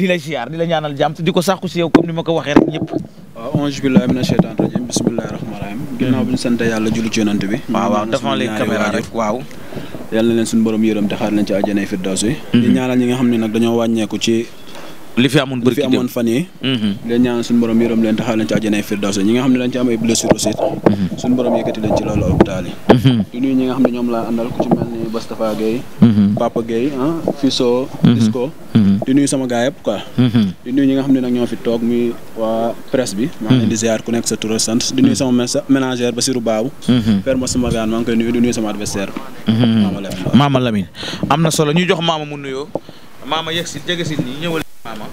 di lay ziar di la ñaanal jàmm te di ko sàkku si yow comme ni ma ko waxee rek ñëpp. waaw onze billahi mina shaytaan bismillahi rahmaani rahim. ginnaaw bi yàlla julli ci yonent bi. waaw mhm. ñaanal ñi nga xam ne nag dañoo wàññeeku ci. li fi amoon bëri ki amoon mhm. ñaanal suñu borom yërëm leen taxaw leen ci àjjana firdaws ñi nga xam ne dañ ci am ay blessure aussi mhm. suñu borom leen ci loolu hôpital yi nuyu ñi nga xam ne ñoom laa àndal ku ci mel Moustapha Gueye mm-hmm. Papa Gueye ah Fiso mm-hmm. Disco mm-hmm. di nuyu sama gaay yëpp di nuyu ñi nga xam ne nag ñoo fi toog muy waa bi maa ngi leen di ziar ku nekk sa tur sant di nuyu sama ménagère Basirou Babou père Moussa Magane maa ngi koy nuyu am na solo ñu jox maama mu nuyoo maama yegg si jege si nii ñëwal maama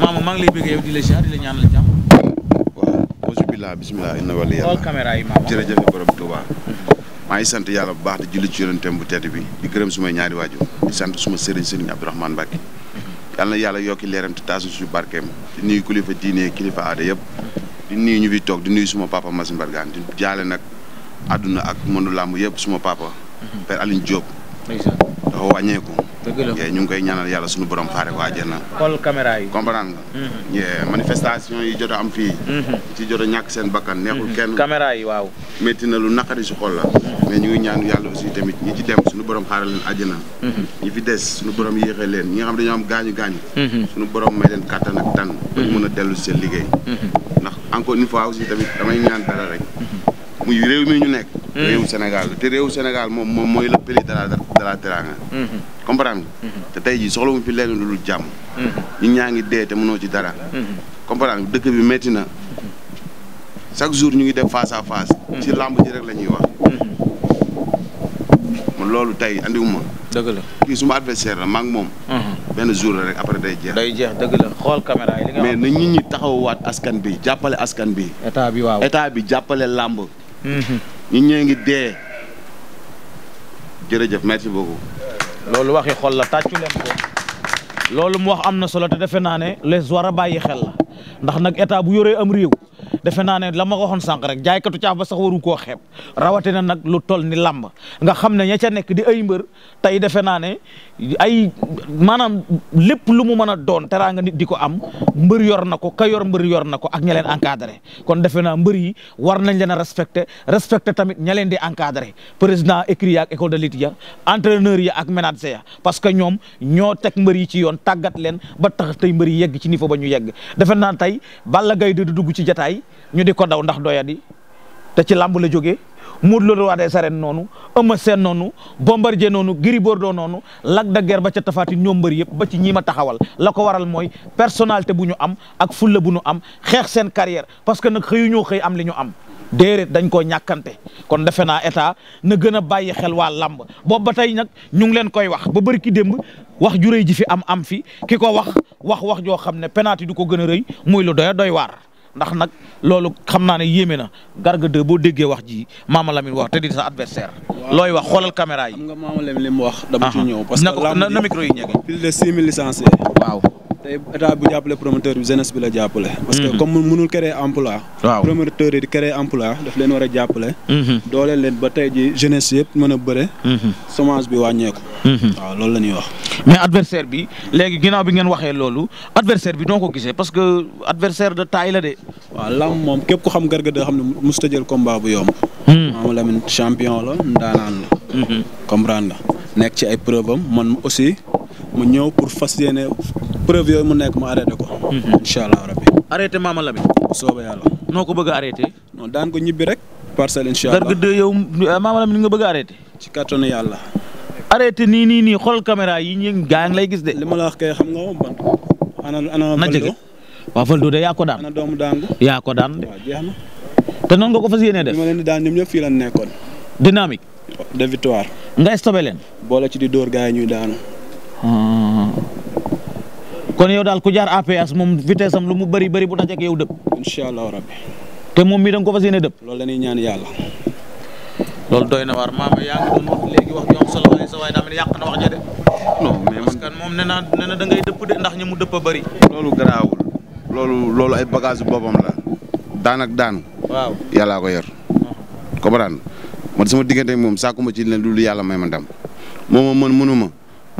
maama maa ngi lay bëgg yow di la ziar di la ñaanal jàmm waaw auzu billah bismillah inna wali yàlla jërëjëf borom maa ngi sant yàlla bu baax di julli ci yonenteem bu tedd bi di gërëm sumay ñaari waajur di sant suma sëriñ sëriñ Abdourahmane Mbacke yàlla na yàlla yokki leeram te taasu su barkeem di nuyu kilifa diine kilifa aada yëpp di nuyu ñu fi toog di nuyu suma papa Mass Mbargane di jaale nag àdduna ak mënu làmb yëpp suma papa Père Aline Diop dafa wàññeeku. dëgg ñu ngi koy ñaanal yàlla suñu borom faare ko àjjana. xool caméra yi comprendre nga. Mm-hmm. yi jot am fii. Mm-hmm. ci jot a ñàkk seen bakkan neexul mm-hmm. kenn. caméra yi waaw. métti na lu naqari si xol la. mais ñu ngi ñaanu yàlla aussi tamit ñi ci dem suñu borom xaaral leen àjjana. ñi fi des suñu borom yéexee leen ñi nga xam dañoo am gaañu gaañu. suñu borom may leen kàttan ak tànn. ba ñu mën a seen liggéey. ndax encore une fois aussi tamit damay ñaan dara rek. muy réew mi ñu nekk. réewu Sénégal te réewu moom moom mooy la la teraanga mm-hmm. comprendre mm-hmm. te tey ji soxla mu fi leen lu dul jàmm mm-hmm. ñi ñaa ngi dee te mënoo ci dara comprendre nga dëkk bi métti na chaque jour ñu ngi def face à face ci làmb ji rek la ñuy wax man loolu tey andiwuma dëgg la kii moom benn jour la rek après day jeex day jeex dëgg la xool caméra mais na nit ñi taxawaat askan bi jàppale askan bi état bi jàppale làmb ñi ñee ngi dee jërëjëf merci beaucoup. loolu waxi xol la tàccu leen ko. loolu mu wax am na solo te defe naa ne les war a bàyyi xel ndax nag état bu yoree am réew. defe naa ne la ma waxoon sànq rek jaaykatu caaf ba sax waru koo xeeb rawatina nag lu tol ni làmb nga xam ne ña ca nekk di ay mbër tey defe naa ne ay maanaam lépp lu mu mën a doon nga nit di ko am mbër yor na ko ka yor mbër yor na ko ak ña leen kon defe naa mbër yi war nañ leen respecte respecté tamit ña leen di encadré président écrit ya ak école de lutte ya entraîneur ya ak ménager ya parce que ñoom ñoo teg mbër yi ci yoon tàggat leen ba tax tey mbër yi yegg ci niveau ba ñu yegg defe naa tey Balla Gaye di dugg ci jataay ñu di ko daw ndax doyadi te ci làmb la jóge Modou Lo roi des noonu Eumeu seen noonu Bombardier noonu Gris doo noonu Lac de ba ca tafaati ñoom mbër yëpp ba ci ñi ma taxawal la ko waral mooy personnalité bu ñu am ak fulla bu ñu am xeex seen carrière parce que nag ñoo xëy am li ñu am déedéet dañ koo ñàkkante kon defe naa état na gën a bàyyi xel waa làmb boobu ba tey nag ñu ngi leen koy wax ba bëri ki démb wax ju rëy ji fi am am fi ki ko wax wax wax joo xam ne penalty du ko gën a rëy muy lu doy waar ndax nag loolu xam naa ne yéeme na Garga 2 boo déggee wax ji Mama Lamine wax te di sa adversaire looy wax xoolal caméra yi. nga Mama Lamine li mu wax. dama ci ñëw parce que na micro yi ñege. pile de six mille licenciés waaw. tey état bu jàppale promoteur bi jeunesse bi la jàppale. parce que mhm. comme mënul créer emploi. waaw promoteur yi di créer emploi daf leen war a jàppale. Mhm. dooleel leen ba tey ji yëpp mën a bëre. Mhm. chômage bi wàññeeku. waaw loolu la wax. mais adversaire bi léegi ginnaaw bi ngeen waxee loolu adversaire bi noo ko gisee parce que adversaire de taille la de. waaw lam moom képp ko xam garga xam ne musta jël combat la nekk ci ay preuve man aussi mu ñëw pour preuve yooyu mu nekk mu arrêté ko. Mhm. incha allah rabbi. arrêté Mama Lamine. yàlla. noo ko bëgg a arrêté. daan ko ñibbi rek. parcelle incha allah Garga eh, nga bëgg a ci kattanu yàlla. arrêté ni nii nii xool caméra yi ñu gaa lay gis de. li ma la wax kay xam nga moom ban. ana na jege waaw Valdo de yaa ko daan. ana doomu daan yaa daan de. na. te noonu nga ko fas yéenee def. li daan ñoom ñëpp fii la nekkoon. dynamique. de victoire. nga stoppé leen. ci di dóor gars yi ñuy daanu. kon yow daal ku jaar APS moom vitesse lu mu bëri bëri bu daj ak yow dëpp. incha allahu rabbi. te moom mii da ko fas yéene dëpp. loolu la ñuy ñaan yàlla. loolu doy na waar maama yaa ngi doon wax léegi wax ju am solo waaye sa waay daa mel ni yàq na man parce que dëpp de ndax ñi mu dëpp a bëri. loolu garaawul loolu ay bagage boppam la daan ak daan. waaw yàllaa ko yor. comprendre man sama diggante moom sàkku ma ci leen lu yàlla may ma ndam moom man mënuma.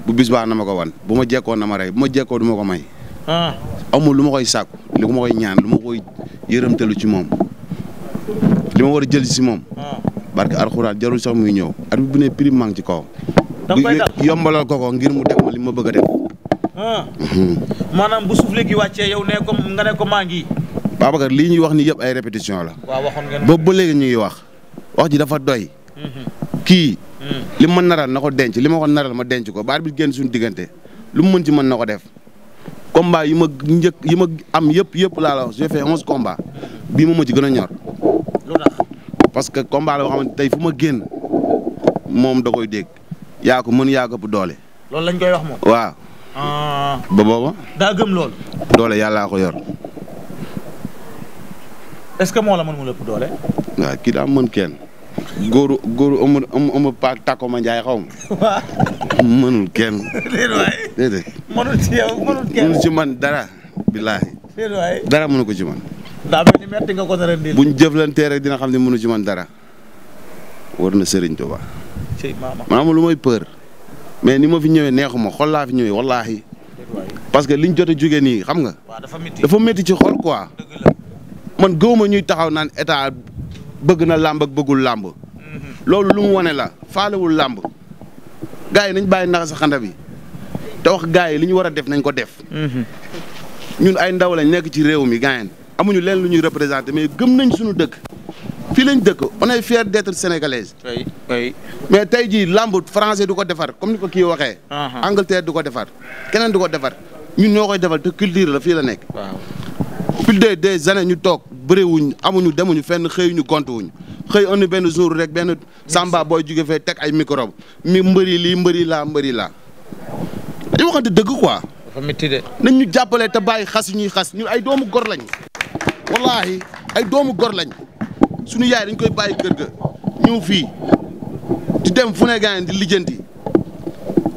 bu bis baa na ma ko wan bu ma jekkoo na ma rey bu ma du ma ko may. Ah. amul lu ma koy sàkku lu ma koy ñaan lu ma koy yërëmtalu ci moom li ma war jël si moom. Ah. barke alxuraan jarul sax muy ñëw bi bu ne prix maa ngi ci kaw. yombalal ko ko ngir mu def ma li ma bëgg a def. Ah. Mhm. bu suuf léegi wàccee yow ne ko nga ne ko maa ngi. Babacar lii ñuy wax ni yëpp ay répétition la. waaw waxoon ñu ngi wax wax ji dafa doy. Mhm. kii li ma naral na ko denc li ma ko naral ma denc ko baar bi génn suñu diggante lu mu mën ci mën na ko def combat yi ma njëkk yi ma am yëpp yëpp laa la wax j'ai fait onze bii moom ma ci gën a ñor. parce que combat la boo xamante tey fu ma génn moom da koy dégg yaa ko mën yaa ko ëpp doole. loolu lañ koy wax moom. waaw. Ah. ba booba. daa gëm loolu. ko yor. est-ce que moo la mën mu ëpp doole. waaw kii daa mën kenn. góoru góoru ëmb ëmb paak tako ma njaay xaw ma. waaw mënul kenn. déedéet waay déedéet. mënul ci yow mënul kenn mënul ci man dara. billaahi. déedéet waay dara ko ci man. dina xam ne mënu ci man dara. war na Serigne Touba. ma maama maama lu may peur. mais ni ma fi ñëwee neexuma xol laa fi ñëwee wallaahi. parce que liñ jot a jógee nii xam nga. dafa métti dafa ci xol quoi. man gëwuma ñuy taxaw naan état. bëgg na làmb ak bëggul làmb mhm. loolu lu mu wane la faalewul làmb gars yi nañ bàyyi naxa sa bi te wax gars yi li ñu war a def nañ ko def mhm. ñun ay ndaw lañ nekk ci réew mi gaayen amuñu leen lu ñuy représenté mais gëm nañ suñu dëkk fii lañ dëkk on est fier sénégalaise. mais tey jii làmb français du ko defar comme ni ko kii waxee. Uh-huh. Angleterre du ko defar keneen du ko defar ñun ñoo koy defar te culture la fii la nekk. waaw de des années ñu toog bëriwuñ amuñu demuñu fenn xëyuñu gontuwuñu xëy on benn jour rek benn samba booy jóge fee teg ay microbe mi mbëri lii mbëri laa mbëri laa dañu waxante dëgg quoi. nañ ñu jàppale te bàyyi xas ñuy xas ay doomu gor lañ wallaahi ay doomu gor lañ suñu yaay dañ koy bàyyi kër ga ñëw fii di dem fu ne gaañ di lijjanti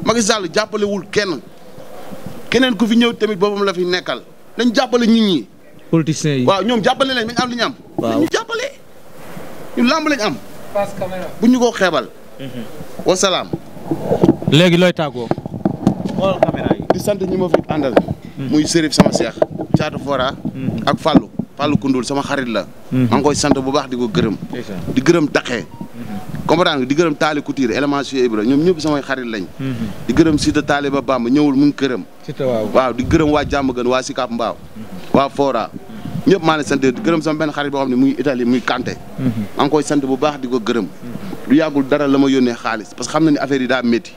Macky Sall jàppalewul kenn keneen ku fi ñëw tamit boppam la fi nekkal dañ jàppale nit ñi. politiciens yi. waaw ñoom jàppale leen mi am li ñu am. waaw ñu jàppale ñu làmb lañ am. passe caméra bu ñu ko xeebal. Mhm. wasalaam. léegi looy tàggoo. di sant ñi ma fi àndal. Mhm. muy Serif sama seex. Caatu Fora. Mhm. ak Fallou Fallou Koundoul sama xarit la. maa koy sant bu baax di ko gërëm. di gërëm Daxé. comprendre di gërëm taali couture élément su Ibra ñoom ñëpp samay xarit lañ mhm. di gërëm Sita taali ba Bamba ñëwul mu ngi këram waaw di gërëm waa jàmm gën waa Sikaab Mbaaw mhm. waa Fora ñëpp maa ngi sant gërëm sama benn xarit boo xam ne muy Italie muy Kanté mhm. maa sant bu baax di ko gërëm du yàggul dara la ma yónnee xaalis parce que xam na ni affaire yi daa métti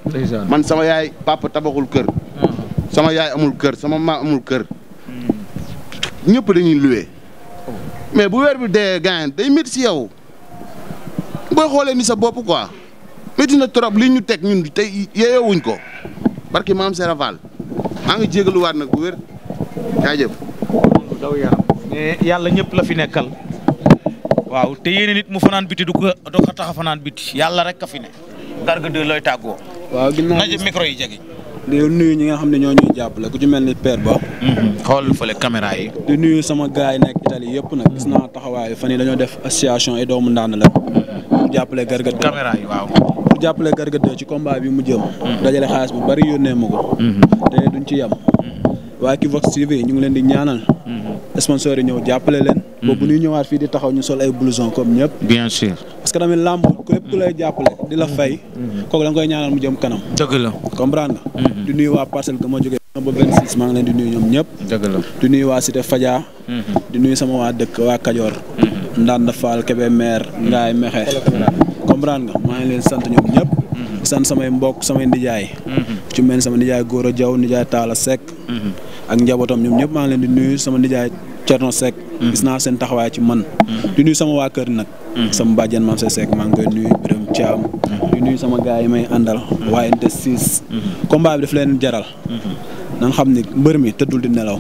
man sama yaay papa tabaxul kër ah. sama yaay amul kër sama ma amul kër ñëpp dañuy luwee oh. mais bu weer bi dee gaañ day métti si yow booy xoolee ni sa bopp quoi métti na trop li ñu teg ñun tey yeewuñ ko barki maam Serafal maa ngi jégaluwaat nag bu wér jaajëf. daw yàlla ñëpp la fi nekkal. waaw te yéen nit mu fanaan biti du ko doo ko tax fanaan biti yàlla rek ka fi ne. Garga 2 looy tàggoo. waaw ginnaaw na micro yi jege. li nuyu ñi nga xam ne ñoo ñuy jàppale ku ci mel ni père Ba. Mhm. xool fële caméra yi. di nuyu sama gars yi nekk Italie yëpp nag. gis naa taxawaay fan yi dañoo def association ay doomu ndaan la. Mhm. pour jàppale gargat caméra yi waaw. pour jàppale gargat ci combat bi mu jëm. Mhm. dajale xaalis bu bari yónnee ma ko. te duñ ci yem. waa Equivox TV ñu ngi leen di ñaanal. sponsor yi ñëw jàppale leen. boobu bu ñëwaat fii di taxaw ñu sol ay blouson comme ñëpp. bien sûr parce que tamit làmb ku lépp ku lay jàppale di la fay. Mm-hmm. kooku da nga koy ñaanal mu jëm kanam. dëgg la comprendre nga. Mm-hmm. di nuyu waa parcelle ga ma jógee. ba 26 maa ngi leen di nuyu ñoom ñëpp. dëgg la di nuyu waa Cité Fadia. Mm-hmm. di nuyu sama waa dëkk waa Kajoor. Ndanda Fall Kébé maire Ngaye Mexe comprendre nga maa ngi leen sant ñoom ñëpp. sant samay mbokk samay nijaay. Mm-hmm. ci mel sama nijaay Gora Diaw nijaay Talla Seck. Mm-hmm. ak njabootam ñoom ñëpp maa ngi leen di nuy sama nijaay Thierno Seck. Mm-hmm. gis naa seen taxawaay ci man. di nuy sama waa kër nag. sama bàjjen maam say Seck maa ngi koy nuyu Birame Thiam. di sama gars yi may àndal. waaye inte siis. combat bi daf leen jaral. na nga xam ni mbër mi tëddul di nelaw.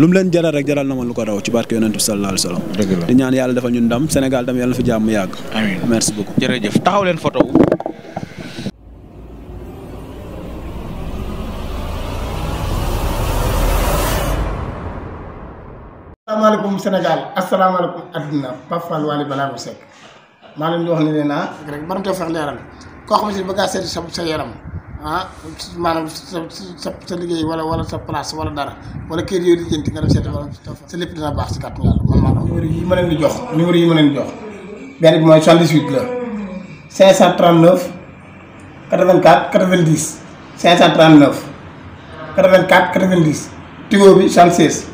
lu leen jaral rek jaral na ma lu ko raw ci barke yonent bi sallallahu alayhi wa sallam. di ñaan yàlla defal ñu ndam Sénégal tam yàlla na fi jàmm yàgg. asalaamaaleykum Sénégal asalaamaaleykum adduna Pape Fall Waly Ballago Seck maa leen di wax ne leen ah rek mën nga fex leeral koo xam si bëgg a seeti sa sa yaram ah maanaam sa sa sa liggéey wala wala sa place wala dara wala kër yooyu di nga def seeti wala sa lépp dina baax si kàttu yàlla man maa numéro yi ma leen di jox numéro yi ma leen di jox benn bi mooy 78 la 539 84 90 539 84 90 tigo bi 76